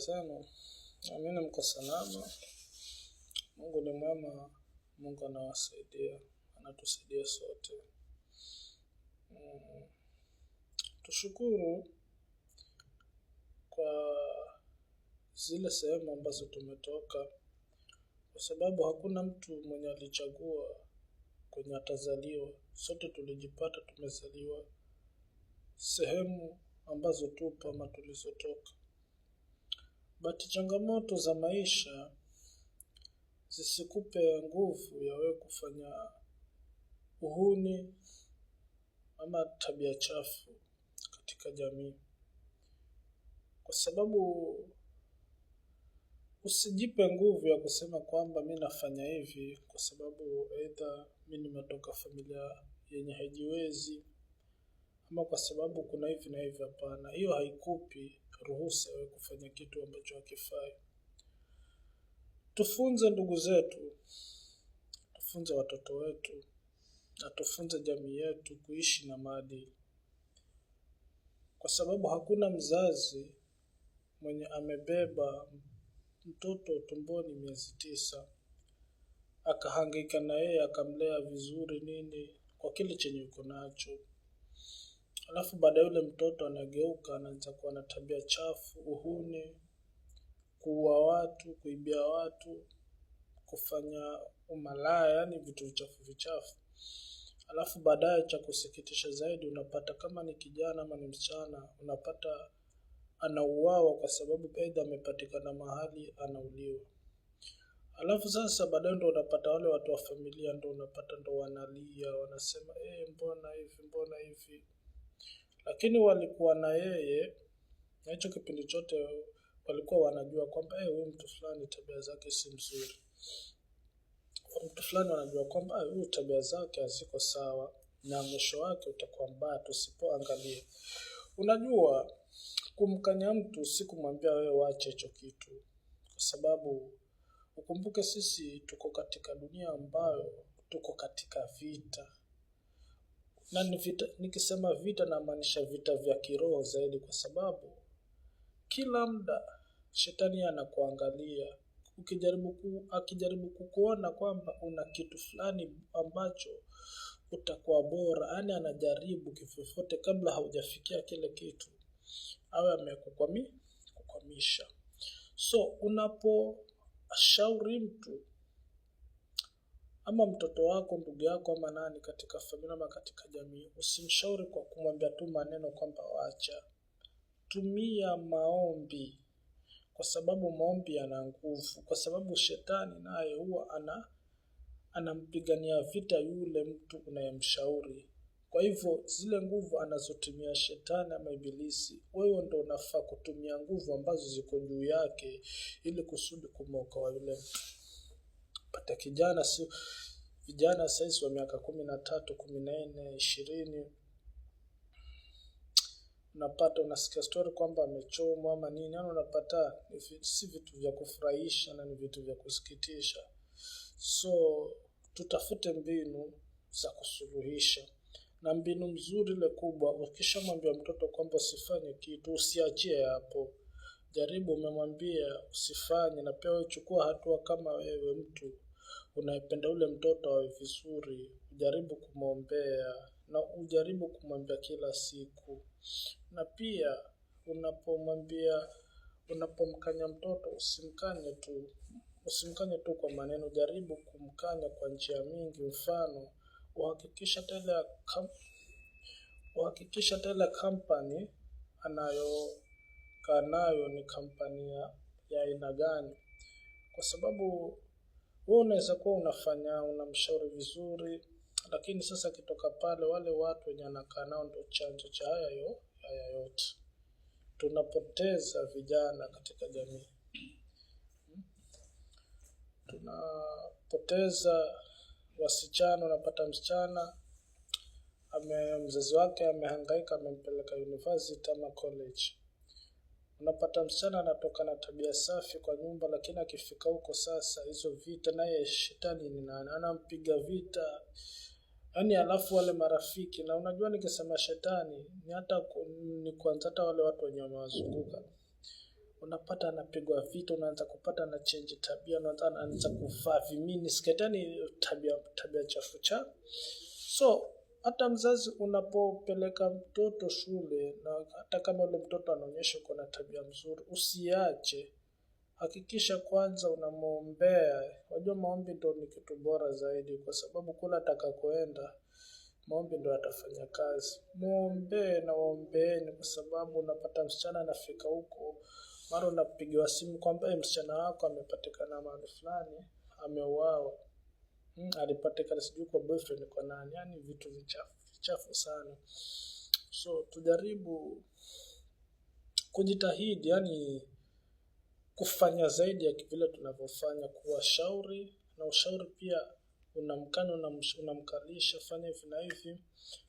zenu. Amini mko salama. Mungu ni mwema, Mungu anawasaidia, anatusaidia sote. Mm. Tushukuru kwa zile sehemu ambazo tumetoka, kwa sababu hakuna mtu mwenye alichagua kwenye atazaliwa. Sote tulijipata tumezaliwa sehemu ambazo tupo ama tulizotoka. But changamoto za maisha zisikupe nguvu ya wewe kufanya uhuni ama tabia chafu katika jamii. Kwa sababu usijipe nguvu ya kusema kwamba mi nafanya hivi kwa sababu aidha mi nimetoka familia yenye haijiwezi ama kwa sababu kuna hivi na hivi hapana. Hiyo haikupi ruhusa kufanya kitu ambacho hakifai. Tufunze ndugu zetu, tufunze watoto wetu na tufunze jamii yetu kuishi na maadili, kwa sababu hakuna mzazi mwenye amebeba mtoto tumboni miezi tisa akahangaika na yeye akamlea vizuri nini kwa kile chenye uko nacho. Alafu baadaye yule mtoto anageuka anaanza kuwa na tabia chafu, uhuni, kuua watu, kuibia watu, kufanya umalaya, yani vitu vichafu vichafu. Alafu baadaye, cha kusikitisha zaidi, unapata kama ni kijana ama ni msichana, unapata anauawa kwa sababu edha amepatikana mahali anauliwa. Alafu sasa baadaye ndo unapata wale watu wa familia ndo unapata ndo wanalia, wanasema e, mbona hivi, mbona hivi. Lakini walikuwa na yeye na hicho kipindi chote walikuwa wanajua kwamba huyu eh, huyu mtu fulani tabia zake si mzuri. Mtu fulani wanajua kwamba eh, huyu tabia zake haziko sawa na mwisho wake utakuwa mbaya tusipoangalia. Unajua, kumkanya mtu si kumwambia wewe wache hicho kitu, kwa sababu ukumbuke sisi tuko katika dunia ambayo tuko katika vita na vita, nikisema vita namaanisha vita vya kiroho zaidi, kwa sababu kila muda shetani anakuangalia ukijaribu ku, akijaribu kukuona kwamba una kitu fulani ambacho utakuwa bora, yaani anajaribu kivyovyote kabla haujafikia kile kitu awe amekukwamisha. So unaposhauri mtu ama mtoto wako, ndugu yako, ama nani katika familia ama katika jamii, usimshauri kwa kumwambia tu maneno kwamba wacha. Tumia maombi, kwa sababu maombi yana nguvu, kwa sababu shetani naye huwa ana anampigania vita yule mtu unayemshauri. Kwa hivyo zile nguvu anazotumia shetani ama ibilisi, wewe ndo unafaa kutumia nguvu ambazo ziko juu yake, ili kusudi kumwokoa yule mtu. Pata kijana si vijana sahizi wa miaka kumi na tatu, kumi na nne, ishirini, unapata unasikia stori kwamba amechomwa ama nini, yani unapata si vitu vya kufurahisha na ni vitu vya kusikitisha. So tutafute mbinu za kusuluhisha, na mbinu mzuri ile kubwa, ukishamwambia mtoto kwamba usifanye kitu, usiachie hapo jaribu umemwambia usifanye, na pia uchukua hatua kama wewe mtu unapenda ule mtoto awe vizuri, ujaribu kumwombea na ujaribu kumwambia kila siku. Na pia unapomwambia, unapomkanya mtoto usimkanye tu, usimkanye tu kwa maneno, jaribu kumkanya kwa njia mingi. Mfano, uhakikisha tele uhakikisha tele company anayo kaa nayo ni kampani ya aina gani, kwa sababu wewe unaweza kuwa unafanya unamshauri vizuri, lakini sasa akitoka pale, wale watu wenye anakaa nao ndio chanzo cha haya yo haya yote. Tunapoteza vijana katika jamii, tunapoteza wasichana. Unapata msichana ame mzazi wake amehangaika amempeleka university ama college Unapata msichana anatoka na tabia safi kwa nyumba, lakini akifika huko sasa, hizo vita naye shetani ni nani anampiga vita yaani, alafu wale marafiki na unajua, nikisema shetani ni hata ni kwanza hata wale watu wenye wamewazunguka unapata anapigwa vita, unaanza kupata na change tabia, unaanza anaanza kuvaa vimini sketani, tabia tabia chafu cha so hata mzazi unapopeleka mtoto shule na hata kama ule mtoto anaonyesha uko na tabia mzuri, usiache. Hakikisha kwanza unamwombea. Wajua, maombi ndo ni kitu bora zaidi, kwa sababu kula atakakoenda maombi ndo atafanya kazi. Mwombee na waombeeni, kwa sababu unapata msichana anafika huko, mara unapigiwa simu kwamba eh, msichana wako amepatikana mahali fulani, ameuawa. Hmm, alipata alipatikana sijui kwa boyfriend kwa nani, yani vitu vichafu vichafu sana. So tujaribu kujitahidi, yani kufanya zaidi ya vile tunavyofanya, kuwa shauri na ushauri pia unamkana unamkalisha, fanya hivi na hivi.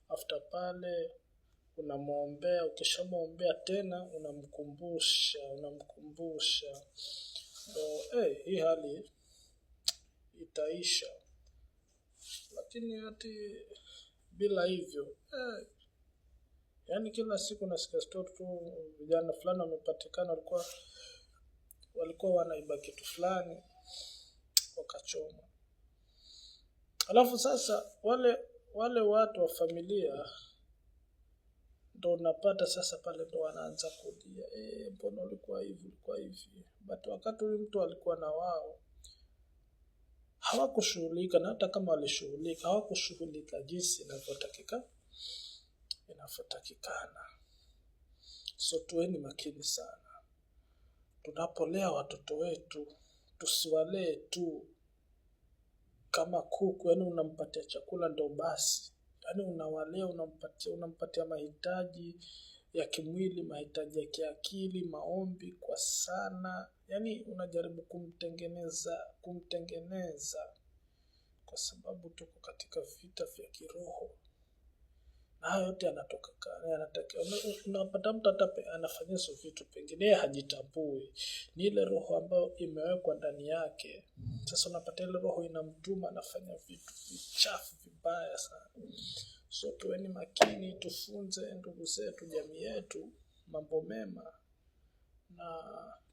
After pale unamwombea, ukishamwombea tena unamkumbusha unamkumbusha. So, hey, eh, hii hali itaisha lakini hati bila hivyo eh, yaani kila siku nasikia stori tu, vijana fulani wamepatikana, walikuwa walikuwa wanaiba kitu fulani wakachoma. Alafu sasa wale wale watu wa familia ndo unapata sasa pale ndo wanaanza kulia, eh, mbona e, ulikuwa hivi ulikuwa hivi, but wakati huyu mtu alikuwa na wao hawakushughulika, na hata kama walishughulika hawakushughulika jinsi inavyotakika inavyotakikana. So tuweni makini sana tunapolea watoto wetu, tusiwalee tu kama kuku, yaani unampatia chakula ndo basi, yaani unawalea, unampatia unampatia mahitaji ya kimwili, mahitaji ya kiakili, maombi kwa sana. Yaani unajaribu kumtengeneza, kumtengeneza kwa sababu tuko katika vita vya kiroho. Na hayo yote yanatoka yanatakiwa. Unapata mtu hata anafanya hizo vitu, pengine yeye hajitambui, ni ile roho ambayo imewekwa ndani yake. Sasa unapata ile roho inamtuma anafanya vitu vichafu vibaya sana. So tuweni makini, tufunze ndugu zetu, jamii yetu mambo mema, na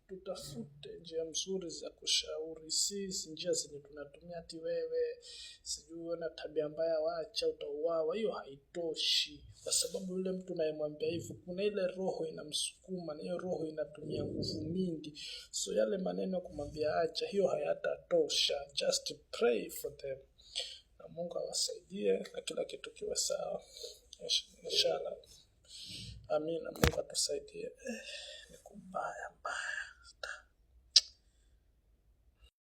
tutafute njia mzuri za kushauri, sisi njia zenye tunatumia ti wewe sijui na tabia mbaya, wacha utauawa. Hiyo haitoshi, kwa sababu yule mtu unayemwambia hivyo, kuna ile roho inamsukuma, na hiyo roho inatumia nguvu mingi, so yale maneno ya kumwambia acha, hiyo hayatatosha. Just pray for them. Mungu awasaidie na kila kitu kiwe sawa, inshallah. Amina, Mungu atusaidie. Eh, ni mbaya.